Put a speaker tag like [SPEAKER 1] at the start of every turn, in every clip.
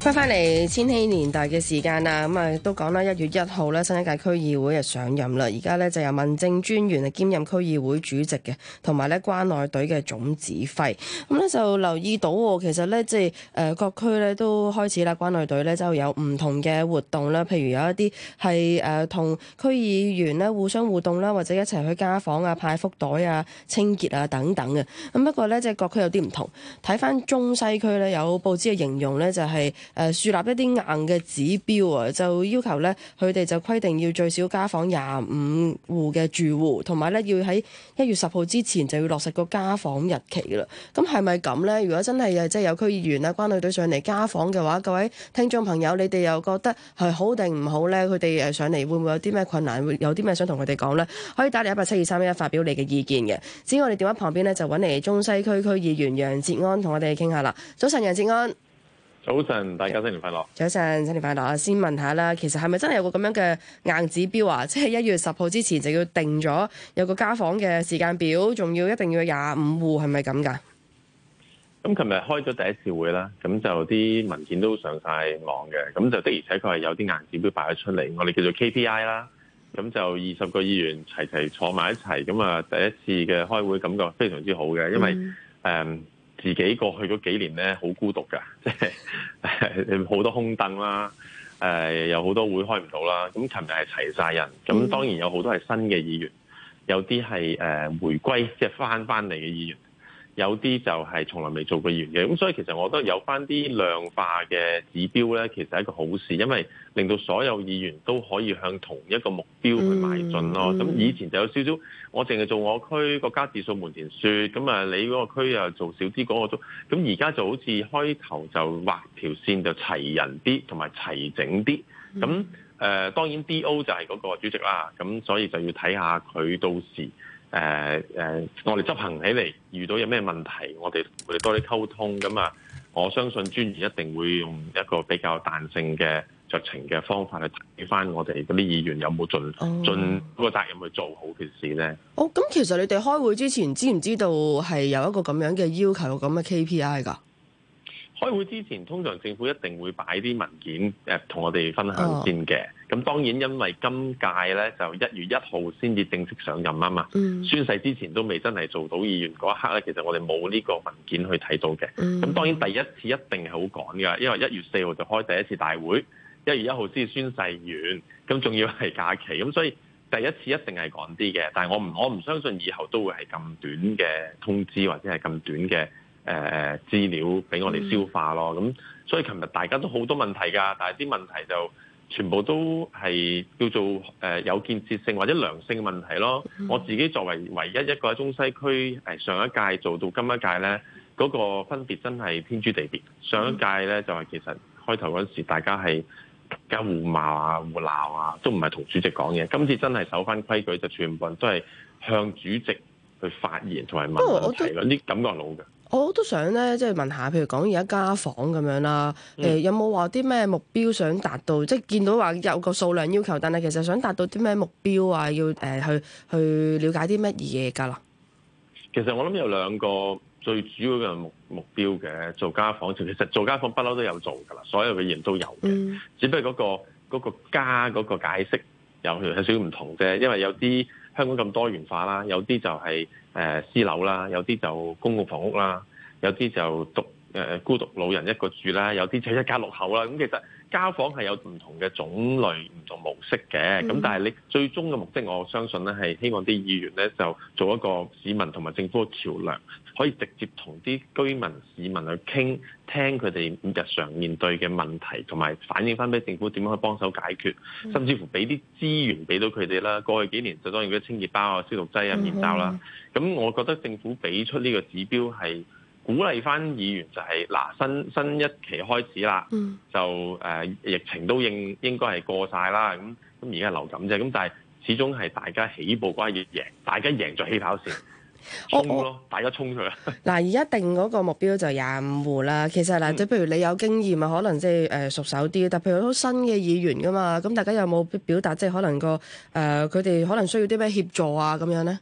[SPEAKER 1] 翻翻嚟千禧年代嘅時間啦，咁啊都講啦，一月一號咧新一屆區議會啊上任啦，而家咧就由民政專員兼任區議會主席嘅，同埋咧關愛隊嘅總指揮。咁、嗯、咧就留意到，其實咧即係誒各區咧都開始啦，關愛隊咧就有唔同嘅活動啦，譬如有一啲係誒同區議員咧互相互動啦，或者一齊去家訪啊、派福袋啊、清潔啊等等嘅。咁、嗯、不過咧即係各區有啲唔同，睇翻中西區咧有報紙嘅形容咧就係、是。誒樹立一啲硬嘅指標啊，就要求咧，佢哋就規定要最少家訪廿五戶嘅住戶，同埋咧要喺一月十號之前就要落實個家訪日期啦。咁係咪咁呢？如果真係即係有區議員啊、關愛隊上嚟家訪嘅話，各位聽眾朋友，你哋又覺得係好定唔好呢？佢哋上嚟會唔會有啲咩困難？會有啲咩想同佢哋講呢？可以打嚟一八七二三一發表你嘅意見嘅。至於，我哋電話旁邊呢，就揾嚟中西區區議員楊哲安同我哋傾下啦。早晨，楊哲安。
[SPEAKER 2] 早晨，大家新年快樂。
[SPEAKER 1] 早晨，新年快樂啊！先問下啦，其實係咪真係有個咁樣嘅硬指標啊？即係一月十號之前就要定咗有個家訪嘅時間表，仲要一定要廿五戶，係咪咁噶？
[SPEAKER 2] 咁琴日開咗第一次會啦，咁就啲文件都上晒網嘅，咁就的而且確係有啲硬指標擺咗出嚟，我哋叫做 KPI 啦。咁就二十個議員齊齊坐埋一齊，咁啊第一次嘅開會感覺非常之好嘅，因為誒。嗯嗯自己過去咗幾年咧，好孤獨㗎，即係好多空凳啦，誒、呃、有好多會開唔到啦。咁尋日係齊晒人，咁當然有好多係新嘅議員，有啲係誒回歸，即係返返嚟嘅議員。有啲就係從來未做過嘅，咁所以其實我覺得有返啲量化嘅指標咧，其實係一個好事，因為令到所有議員都可以向同一個目標去邁進咯。咁、嗯、以前就有少少，我淨係做我區，各自掃門前雪，咁啊你嗰個區又做少啲，嗰個做，咁而家就好似開頭就畫條線就齊人啲，同埋齊整啲。咁誒、呃、當然 D O 就係嗰個主席啦，咁所以就要睇下佢到時。誒誒，uh, uh, 我哋執行起嚟遇到有咩問題，我哋同佢哋多啲溝通，咁啊，我相信專員一定會用一個比較彈性嘅酌情嘅方法去睇翻我哋嗰啲議員有冇盡盡個責任去做好嘅事咧、
[SPEAKER 1] 嗯。哦，咁其實你哋開會之前知唔知道係有一個咁樣嘅要求，咁嘅 KPI 㗎？
[SPEAKER 2] 開會之前，通常政府一定會擺啲文件誒，同、呃、我哋分享先嘅。咁當然，因為今屆咧就一月一號先至正式上任啊嘛。嗯、宣誓之前都未真係做到議員嗰一刻咧，其實我哋冇呢個文件去睇到嘅。咁、嗯、當然第一次一定係好趕嘅，因為一月四號就開第一次大會，一月一號先宣誓完，咁仲要係假期，咁所以第一次一定係趕啲嘅。但係我唔，我唔相信以後都會係咁短嘅通知或者係咁短嘅。誒誒、呃、資料俾我哋消化咯，咁、嗯嗯、所以琴日大家都好多問題㗎，但係啲問題就全部都係叫做誒、呃、有建設性或者良性問題咯。我自己作為唯一一個喺中西區誒、呃、上一屆做到今一屆咧，嗰、那個分別真係天珠地別。上一屆咧、嗯、就係其實開頭嗰時大家係大家互罵啊互鬧啊，都唔係同主席講嘢。今次真係守翻規矩，就全部都係向主席去發言同埋問問題㗎，啲感覺老嘅。
[SPEAKER 1] 我都想咧，即係問下，譬如講而家家訪咁樣啦，誒有冇話啲咩目標想達到？即係、嗯、見到話有個數量要求，但係其實想達到啲咩目標啊？要誒去、呃、去了解啲乜嘢㗎啦？
[SPEAKER 2] 其實我諗有兩個最主要嘅目目標嘅，做家訪其實做家訪不嬲都有做㗎啦，所有嘅嘢都有嘅，嗯、只不過嗰、嗰個嗰、嗰個家嗰、嗰個解釋有少少唔同啫，因為有啲。香港咁多元化啦，有啲就係誒私樓啦，有啲就公共房屋啦，有啲就獨誒孤獨老人一個住啦，有啲就一家六口啦。咁其實家訪係有唔同嘅種類、唔同模式嘅。咁但係你最終嘅目的，我相信呢係希望啲議員呢就做一個市民同埋政府嘅橋梁。可以直接同啲居民市民去傾，聽佢哋日常面對嘅問題，同埋反映翻俾政府點樣去幫手解決，甚至乎俾啲資源俾到佢哋啦。過去幾年就當然嗰啲清潔包啊、消毒劑啊、面罩啦。咁我覺得政府俾出呢個指標係鼓勵翻議員就係、是、嗱新新一期開始啦，就誒、呃、疫情都應應該係過晒啦。咁咁而家係流感啫。咁但係始終係大家起步關要贏，大家贏咗起跑線。衝咯！哦、大家衝佢啦。
[SPEAKER 1] 嗱，而家定嗰個目標就廿五戶啦。嗯、其實嗱，即譬如你有經驗啊，可能即係誒熟手啲。但譬如好多新嘅議員㗎嘛，咁大家有冇表達即係可能個誒佢哋可能需要啲咩協助啊咁樣咧？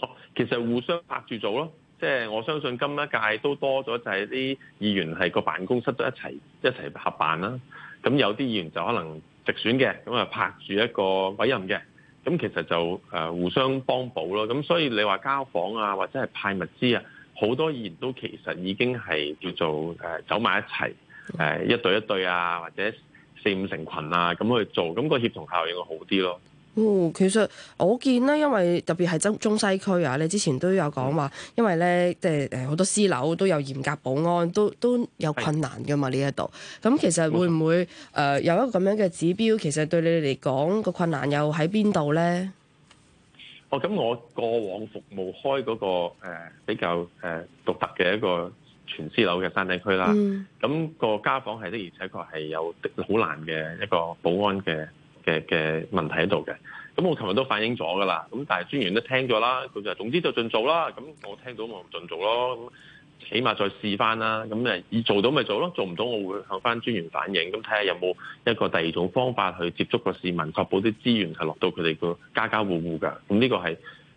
[SPEAKER 2] 哦，其實互相拍住做咯。即係我相信今一屆都多咗，就係啲議員係個辦公室都一齊一齊合辦啦、啊。咁有啲議員就可能直選嘅，咁啊拍住一個委任嘅。咁其實就誒、呃、互相幫補咯，咁所以你話家訪啊，或者係派物資啊，好多議員都其實已經係叫做誒、呃、走埋一齊，誒、呃、一對一對啊，或者四五成群啊咁去做，咁、那個協同效應會好啲咯。
[SPEAKER 1] 哦，其實我見咧，因為特別係中中西區啊，你之前都有講話，因為咧即係誒好多私樓都有嚴格保安，都都有困難㗎嘛呢一度。咁是的 其實會唔會誒錯、呃、有一個咁樣嘅指標？其實對你嚟講個困難又喺邊度咧？
[SPEAKER 2] 哦，咁我過往服務開嗰、那個、呃、比較誒獨特嘅一個全私樓嘅山頂區啦，咁、嗯、個家訪係的而且確係有好難嘅一個保安嘅。嘅嘅問題喺度嘅，咁我琴日都反映咗㗎喇。咁但係專員都聽咗啦，佢就總之就盡做啦。咁我聽到我盡做咯，咁起碼再試返啦。咁誒，以做到咪做咯，做唔到我會向返專員反映，咁睇下有冇一個第二種方法去接觸個市民，確保啲資源係落到佢哋個家家戶戶㗎。咁呢個係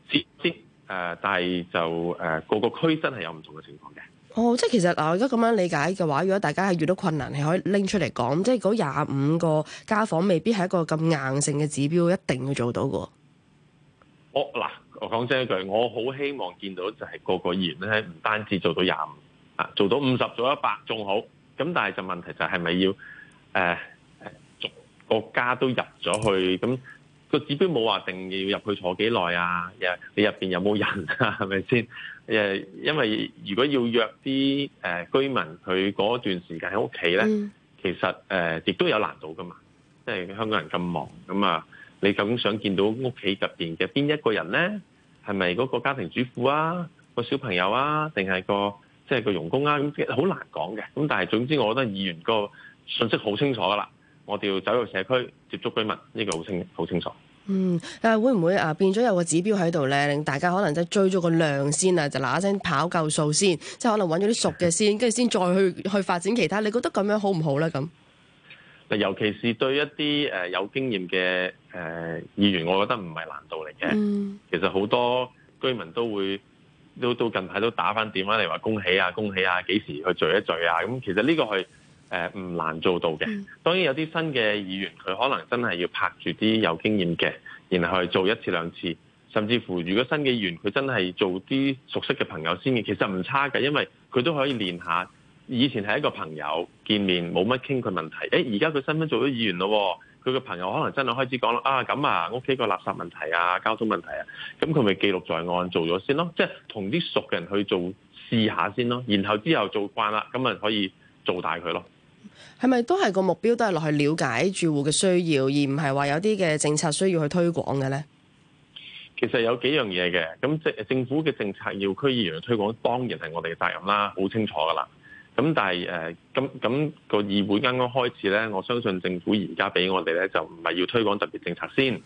[SPEAKER 2] 先先誒，但係就誒個、呃、個區真係有唔同嘅情況
[SPEAKER 1] 嘅。哦，即係其實嗱，而家咁樣理解嘅話，如果大家係遇到困難，係可以拎出嚟講，即係嗰廿五個家訪未必係一個咁硬性嘅指標，一定要做到㗎、哦。
[SPEAKER 2] 我嗱，我講真一句，我好希望見到就係個個議員咧，唔單止做到廿五啊，做到五十、做一百仲好。咁但係就問題就係咪要誒，逐、呃、個家都入咗去咁？個指標冇話定要入去坐幾耐啊！誒，你入邊有冇人啊？係咪先？誒，因為如果要約啲誒、呃、居民佢嗰段時間喺屋企咧，其實誒亦、呃、都有難度噶嘛。即係香港人咁忙咁啊、嗯，你究竟想見到屋企入邊嘅邊一個人咧，係咪嗰個家庭主婦啊、個小朋友啊，定係、嗰個即係、就是、個傭工啊？咁好難講嘅。咁但係總之，我覺得議員個信息好清楚噶啦。我哋要走入社區接觸居民，呢、這個好清好清楚。嗯，
[SPEAKER 1] 但係會唔會啊變咗有個指標喺度咧，令大家可能即係追咗個量先啊，就嗱嗱聲跑夠數先，即係可能揾咗啲熟嘅先，跟住先再去去發展其他。你覺得咁樣好唔好咧？咁
[SPEAKER 2] 嗱，尤其是對一啲誒、呃、有經驗嘅誒議員，我覺得唔係難度嚟嘅。嗯、其實好多居民都會都都近排都打返電話嚟話恭喜啊恭喜啊，幾、啊、時去聚一聚啊？咁、嗯、其實呢個係。誒唔難做到嘅。嗯、當然有啲新嘅議員，佢可能真係要拍住啲有經驗嘅，然後去做一次兩次。甚至乎，如果新嘅議員佢真係做啲熟悉嘅朋友先嘅，其實唔差嘅，因為佢都可以練下。以前係一個朋友見面冇乜傾佢問題，誒而家佢身份做咗議員咯，佢嘅朋友可能真係開始講啦啊咁啊屋企個垃圾問題啊交通問題啊，咁佢咪記錄在案做咗先咯，即係同啲熟人去做試下先咯，然後之後做慣啦，咁咪可以做大佢咯。
[SPEAKER 1] 係咪都係個目標，都係落去了解住戶嘅需要，而唔係話有啲嘅政策需要去推廣嘅咧？
[SPEAKER 2] 其實有幾樣嘢嘅咁，即政府嘅政策要區議員去推廣，當然係我哋嘅責任啦，好清楚噶啦。咁但係誒，咁咁、個議會啱啱開始咧，我相信政府而家俾我哋咧就唔係要推廣特別政策先，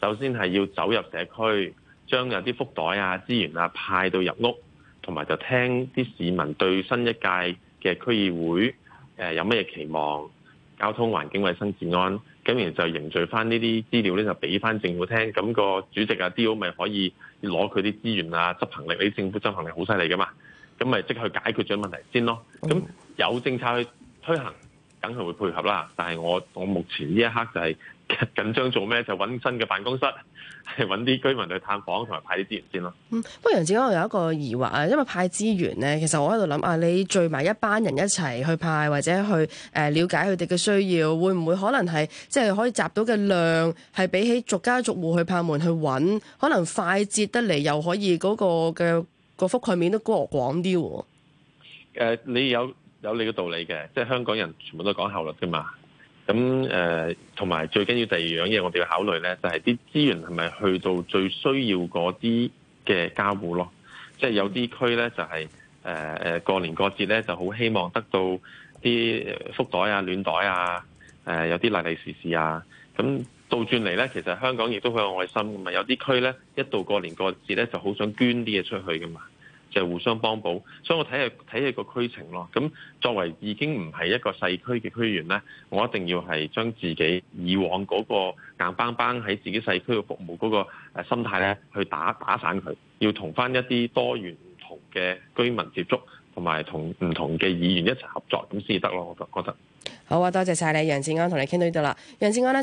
[SPEAKER 2] 首先係要走入社區，將有啲福袋啊、資源啊派到入屋，同埋就聽啲市民對新一屆嘅區議會，誒有咩期望？交通、環境、衞生、治安，咁然後就凝聚翻呢啲資料咧，就俾翻政府聽。咁個主席啊 D.O 咪可以攞佢啲資源啊、執行力，啲政府執行力好犀利噶嘛，咁咪即刻去解決咗問題先咯。咁有政策去推行。梗係會配合啦，但係我我目前呢一刻就係緊張做咩？就揾新嘅辦公室，係揾啲居民去探訪，同埋派啲資源先咯。嗯，
[SPEAKER 1] 不過楊子剛我有一個疑惑啊，因為派資源咧，其實我喺度諗啊，你聚埋一班人一齊去派，或者去誒、呃、了解佢哋嘅需要，會唔會可能係即係可以集到嘅量係比起逐家逐戶去拍門去揾，可能快捷得嚟，又可以嗰、嗰個嘅、嗰個嗰個嗰個覆蓋面都過廣啲喎、啊呃。
[SPEAKER 2] 你有？有你嘅道理嘅，即係香港人全部都講效率嘅嘛。咁誒，同、呃、埋最緊要第二樣嘢，我哋要考慮呢，就係啲資源係咪去到最需要嗰啲嘅家戶咯？即係有啲區呢，就係誒誒過年過節呢，就好希望得到啲福袋啊、暖袋啊，誒、呃、有啲利利是是啊。咁倒轉嚟呢，其實香港亦都好有愛心嘅嘛。有啲區呢，一到過年過節呢，就好想捐啲嘢出去嘅嘛。就互相幫補，所以我睇下睇嘅個區情咯。咁作為已經唔係一個細區嘅區員呢，我一定要係將自己以往嗰個硬邦邦喺自己細區嘅服務嗰個誒心態呢去打打散佢，要同翻一啲多元唔同嘅居民接觸，同埋同唔同嘅議員一齊合作，咁先得咯。我覺得。
[SPEAKER 1] 好啊，多謝晒你，楊哲安同你傾到呢度啦。楊哲安呢，就是。